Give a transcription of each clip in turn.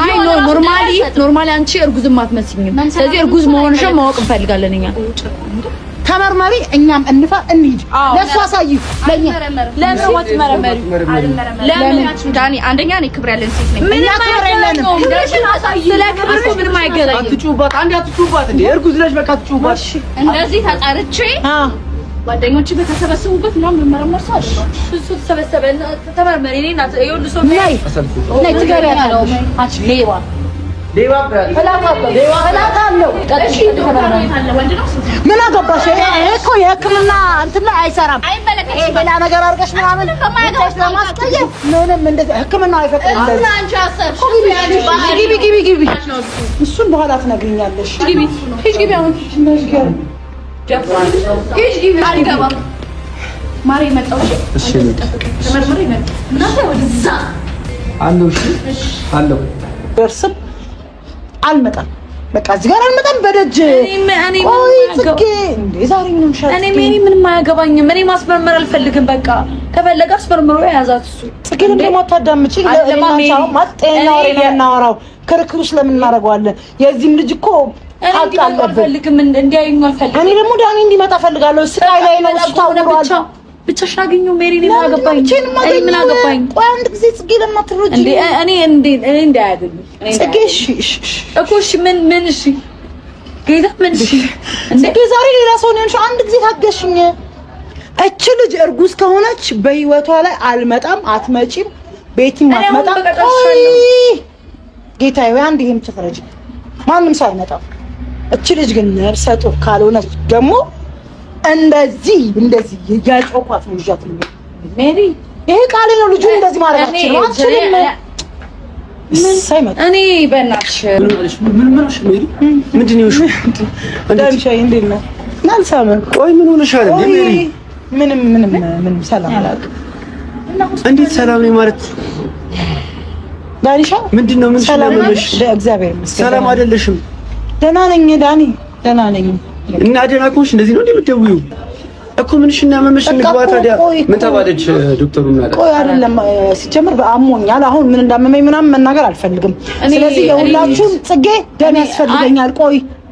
አይ ኖ ኖርማሊ ኖርማሊ አንቺ እርጉዝም አትመስኝም። ስለዚህ እርጉዝ መሆንሽን ማወቅ እንፈልጋለን እኛ ተመርመሪ፣ እኛም እንፋ እንሂድ። ለእሱ አሳይ። ለእኛ ለምን ዳኒ፣ አንደኛ እኔ ክብር ያለን ሴት ነኝ። ምንም አይገናኝም። እንደዚህ ተጣርቼ ጓደኞች በተሰበሰቡበት ነው መመረመር ሰው አይደለም። እሱ ተሰበሰበ ተመርመሪ ነኝ አት ይሁን ሰው ላይ ላይ ትገሪያለሽ ነው ሌባ ምን አገባሽ? ይሄ እኮ የሕክምና እንትን ላይ አይሰራም። ይሄ ሌላ ነገር አድርገሽ ምናምን ስለማስቀየም ምንም እንደዚህ ሕክምና አይፈቅድም። ግቢ ግቢ ግቢ። እሱን በኋላ ትነግሪኛለሽ። ግቢ ግቢ አሁን ደርስም አልመጣም። በቃ እዚህ ጋር አልመጣም። በደጅ እኔ ምንም አያገባኝም። እኔ ማስመርመር አልፈልግም። በቃ ከፈለገ አስመርምሮ የያዛት እሱ ጽጌን እንደማታዳምጪ ለማንቻው ማጤና ወሬ ነው የምናወራው። ክርክሩ ስለምን የዚህም ልጅ እኮ እኔ ደግሞ ዳኒ እንዲመጣ ፈልጋለሁ። ስራዬ ላይ ነው ታውሯል። ብቻሽ አገኘው ሜሪ ነው ያገባኝ። እኔ ምን አገባኝ? ቆይ አንድ ጊዜ ጽጌ ለማትሮጂ እንዴ እኔ እንዴ እኔ እንዴ አይደለም ጽጌ። እሺ እኮ እሺ፣ ምን ምን እሺ፣ ጌታ ምን እሺ፣ እንዴ ዛሬ ሌላ ሰው ነሽ። አንድ ጊዜ ታገሽኝ። እቺ ልጅ እርጉዝ ከሆነች በህይወቷ ላይ አልመጣም፣ አትመጪም፣ ቤቲም አትመጣም። ጌታ ወይ አንድ ይሄም ትፈረጂ። ማንም ሰው አይመጣም። እች ልጅ ግን ነፍሰ ጡር ካልሆነች ደግሞ እንደዚህ እንደዚህ ያጮኳት ነው ይዣት ነው ሜሪ ይሄ ቃሌ ነው። ልጁ እንደዚህ ማለት አችልም ሰላም አላውቅም። ሰላም አይደለሽም ደህና ነኝ ዳኒ፣ ደህና ነኝ። እና ደህና ከሆንሽ እንደዚህ ነው እንደምትደውዩ እኮ ምንሽ እና መመሽ ታዲያ ምን ተባለች ዶክተሩ? ምን አለ? ቆይ አይደለም፣ ሲጀምር አሁን ምን እንዳመመኝ ምናምን መናገር አልፈልግም። ስለዚህ የሁላችሁም ጽጌ ደም ያስፈልገኛል። ቆይ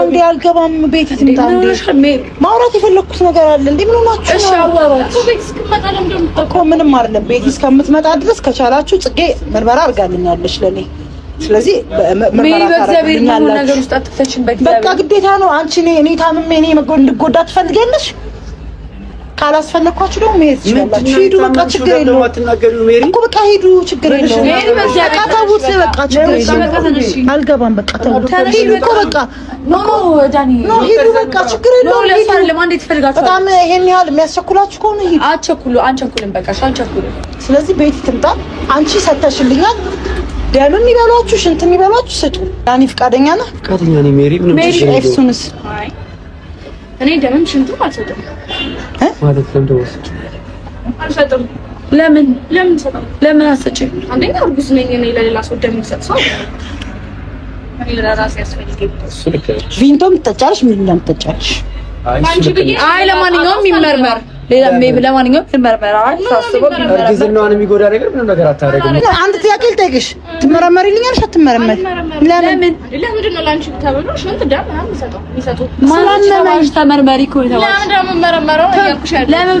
አንዴ አልገባም። ቤት ትምጣ። ማውራት የፈለኩት ነገር አለ። እንዴ ምን ሆናችሁ እኮ? ምንም አይደለም። ቤት እስከምትመጣ ድረስ ከቻላችሁ ጽጌ ምርመራ አድርጋልኛለች ለእኔ። ስለዚህ በቃ ግዴታ ነው። አንቺ እኔ ታምሜ እኔ እንድጎዳ ትፈልጊያለሽ? ካላስፈለግኳችሁ ደግሞ መሄድ ትችላላችሁ። ሂዱ፣ በቃ ችግር የለውም እኮ በቃ ሂዱ፣ ችግር የለውም። በቃ ተውት፣ በቃ ችግር የለውም። አልገባም፣ በቃ ተውት፣ ሂዱ እኮ በቃ ኖ ኖ ኖ ሂዱ፣ በቃ ችግር የለውም። እንዴት ፈልጋችሁ? በጣም ይሄን ያህል የሚያስቸኩላችሁ ከሆነ ሂዱ፣ አትቸኩሉ፣ አንቸኩልም፣ በቃ አንቸኩልም። ስለዚህ ቤት ትምጣ፣ አንቺ ሰተሽልኛል። ደም የሚበሏችሁ ሽንት የሚበሏችሁ ስጡ። ያኔ ፍቃደኛ ነህ? ፍቃደኛ ነኝ ሜሪ። ምንም ሜሪ ኤፍሱንስ አይ እኔ ደምም ሽንቱ አልሰጥም ማለት ለምን አልሰጥም። ለምን ለምን ሰጣው? ለምን አሰጭኝ? አንደኛ እርጉዝ ነኝ እኔ ለሌላ ሰው ደም ሰጥሰው ቪንቶም ትጠጫለሽ፣ ምን እንዳም ትጠጫለሽ። አይ ለማንኛውም ይመርመር ሌላ ለማንኛውም ትመርመራ ሳስበው እርግዝናዋን የሚጎዳ ነገር ምንም ነገር አታደርግም። አንድ ጥያቄ ልጠይቅሽ፣ ትመረመሪልኛለሽ? አትመረመሪ። ለምን ለምንድን ነው ለአንቺ ተብሎ ሽንት ደም ተመርመሪ እኮ ለምን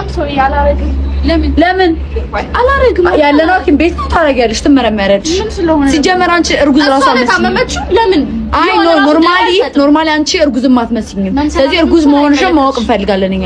ለምን አላረግም ያለነው ሐኪም ቤት ነው። ታረጊያለሽ፣ ትመረመሪያለሽ። ሲጀመር አንቺ እርጉዝ ራሱ ለምን አይ ኖ ኖርማሊ ኖርማሊ አንቺ እርጉዝም አትመስይም። ስለዚህ እርጉዝ መሆንሽን ማወቅ እንፈልጋለን እኛ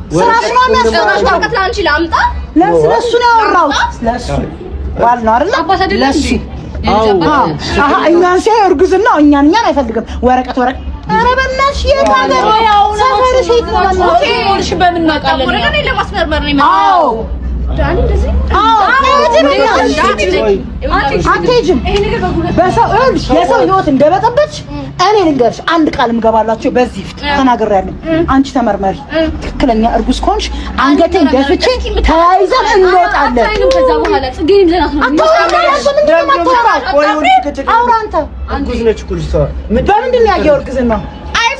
ስራሽ ነው የሚያስቀናሽ። ወረቀት እኛን ሲያይ እርግዝና እኛን እኛን አይፈልግም። ወረቀት ወረቀት ኧረ በእናትሽ የት ሀገር ሰፈርሽ? የት ነው? በምን እናውቃለን? ለማስመርመር ነው። አትሄጂም። በሰው የሰው ህይወት እንደበጠበች እኔ ልንገርሽ፣ አንድ ቃል ምገባላቸው በዚህ ፊት ተናግሬያለሁ። አንቺ ተመርመሪ፣ ትክክለኛ እርጉዝ ከሆንሽ አንገቴን ደፍቼ ተያይዘን እንወጣለን። በምንድን ነው ያየኸው እርግዝና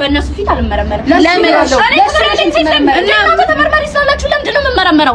በእነሱ ፊት አልመረመርም። ለምን እናንተ ተመርመሪ ስላላችሁ ለምንድን ነው የምመረመረው?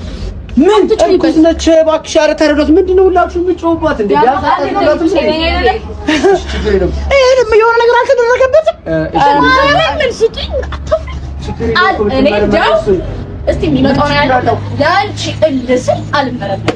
ምን እርኩስ ነች እባክሽ! ኧረ ተረዷት። ምንድን ነው ሁላችሁ የምትጮሁባት? እንደ የሆነ ነገር አልተደረገበትም። እስቲ የሚመጣው ነው ያለው። ለአንቺ እል ስል አልመረመረም።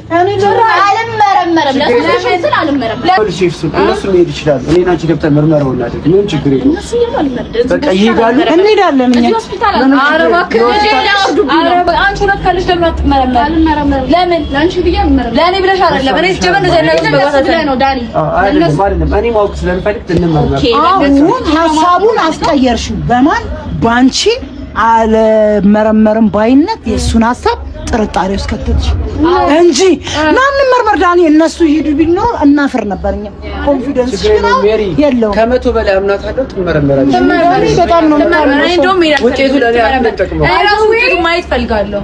ሀሳቡን አስቀየርሽው በማን በአንቺ አልመረመርም ባይነት የእሱን ሀሳብ ጥርጣሬ ውስጥ ከተች እንጂ ማንም መርመር ዳኒ እነሱ ይሄዱ ቢኖር እናፍር ነበር። እኛ ኮንፊደንስ የለው ከመቶ በላይ አምናት አለው ትመረመራለች። በጣም ነው ውጤቱ ለኔ ማየት ፈልጋለሁ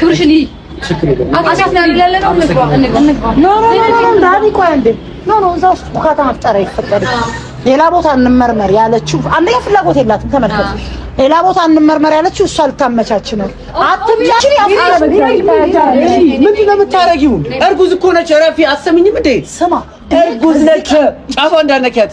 ክብርሽን ሌላ ቦታ እንመርመር ያለችው አንደኛ ፍላጎት የላትም። ተመልከቱ፣ ሌላ ቦታ እንመርመር ያለችው እሷ ልታመቻች ነው። ምንድን ነው የምታረጊው? እርጉዝ እኮ ነች። ረፊ አሰምኝም እንዴ ስማ፣ እርጉዝ ነች። ጫፏ እንዳነኪያት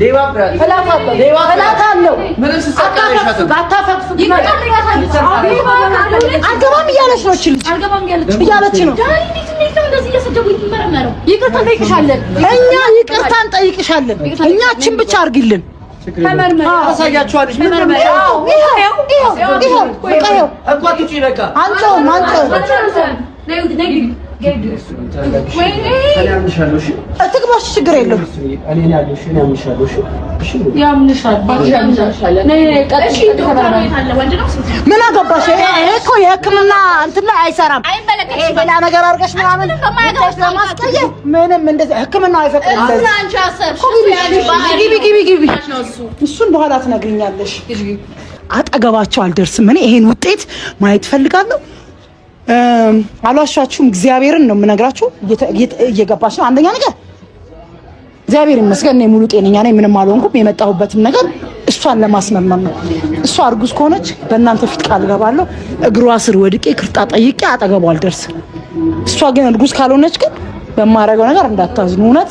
ሌባ አልገባም እያለች ነው። እች ልጅ እያለች ነው። ይቅርታ እንጠይቅሻለን እኛ ይቅርታ እንጠይቅሻለን እኛ እችን ብቻ አድርጊልን። አሳያችኋለች ትግባሽ፣ ችግር የለም። ምን አገባሽ? ይሄ እኮ የሕክምና እንትን ላይ አይሰራም። ሌላ ነገር አድርገሽ ምናምን ምንም እንደዚህ ሕክምና አይፈቅድም። ግቢ ግቢ። እሱን በኋላ ትነግሪኛለሽ። አጠገባቸው አልደርስም። እኔ ይሄን ውጤት ማየት እፈልጋለሁ። አሏሻችሁም። እግዚአብሔርን ነው የምነግራችሁ። እየገባች ነው። አንደኛ ነገር እግዚአብሔር ይመስገን እኔ ሙሉ ጤነኛ ነኝ፣ ምንም አልሆንኩም። የመጣሁበትም ነገር እሷን ለማስመመም ነው። እሷ እርጉዝ ከሆነች በእናንተ ፊት ቃል እገባለሁ እግሯ ስር ወድቄ ክርጣ ጠይቄ አጠገቧ አልደርስም። እሷ ግን እርጉዝ ካልሆነች ግን በማረገው ነገር እንዳታዝኑ እውነት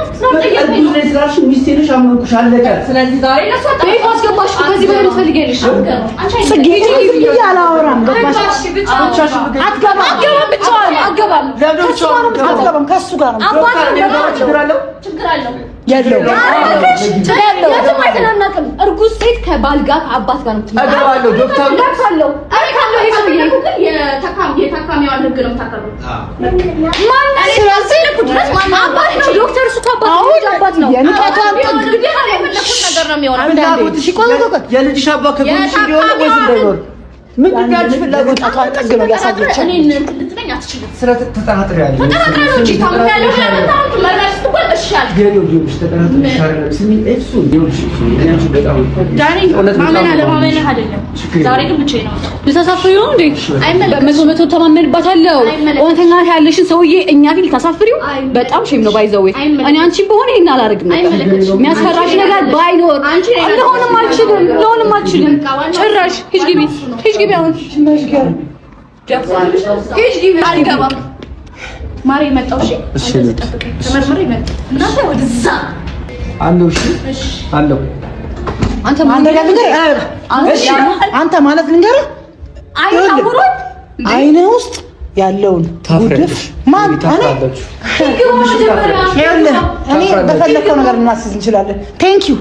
አትገባም። ከእሱ ጋር ነው። ያለው እርጉዝ ሴት ከባል ጋር ከአባት ጋር ነው። ዶክተር ነው ምን እንዳልሽ ፍላጎት አታጠግ ነው ያለሽን ሰውዬ እኛ ግን ልታሳፍሪው በጣም ሼም ነው። ባይዘዌ እኔ አንቺን በሆነ ይሄን አላደርግም። የሚያስፈራሽ ነገር ባይኖር ለሆንም አልችልም፣ ለሆንም አልችልም ጭራሽ ሂጅ ግቢ ገቢያውን ሽመሽገር ሂጅ ግቢ አልገባም። ማሪ መጣው። እሺ እሺ፣ ተመርምሬ መጣ። እናንተ ወደዛ አለው። እሺ አለው። አንተ ማለት ልንገርህ፣ አይነ ውስጥ ያለውን ጉድፍ ማን አለ? እኔ በፈለከው ነገር እናስዝ እንችላለን። ቴንክ ዩ።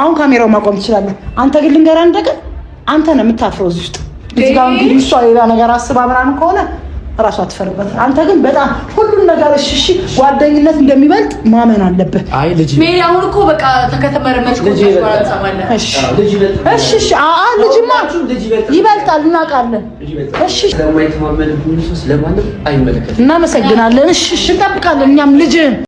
አሁን ካሜራውን ማቆም ትችላለህ። አንተ ግን ልንገርህ አንድ ነገር፣ አንተ ነው የምታፍረው እዚህ ውስጥ እዚህ ጋር እንግዲህ እሷ ሌላ ነገር አስባ ምናምን ከሆነ እራሷ ትፈርበት። አንተ ግን በጣም ሁሉን ነገር እሺ እሺ፣ ጓደኝነት እንደሚበልጥ ማመን አለብህ። አይ ልጅ ሜሪ፣ አሁን እኮ በቃ ተከተመረመች እኮ ልጅ ይበልጣል፣ እናውቃለን። እሺ፣ እናመሰግናለን። እሺ፣ እንጠብቃለን እኛም ልጅህን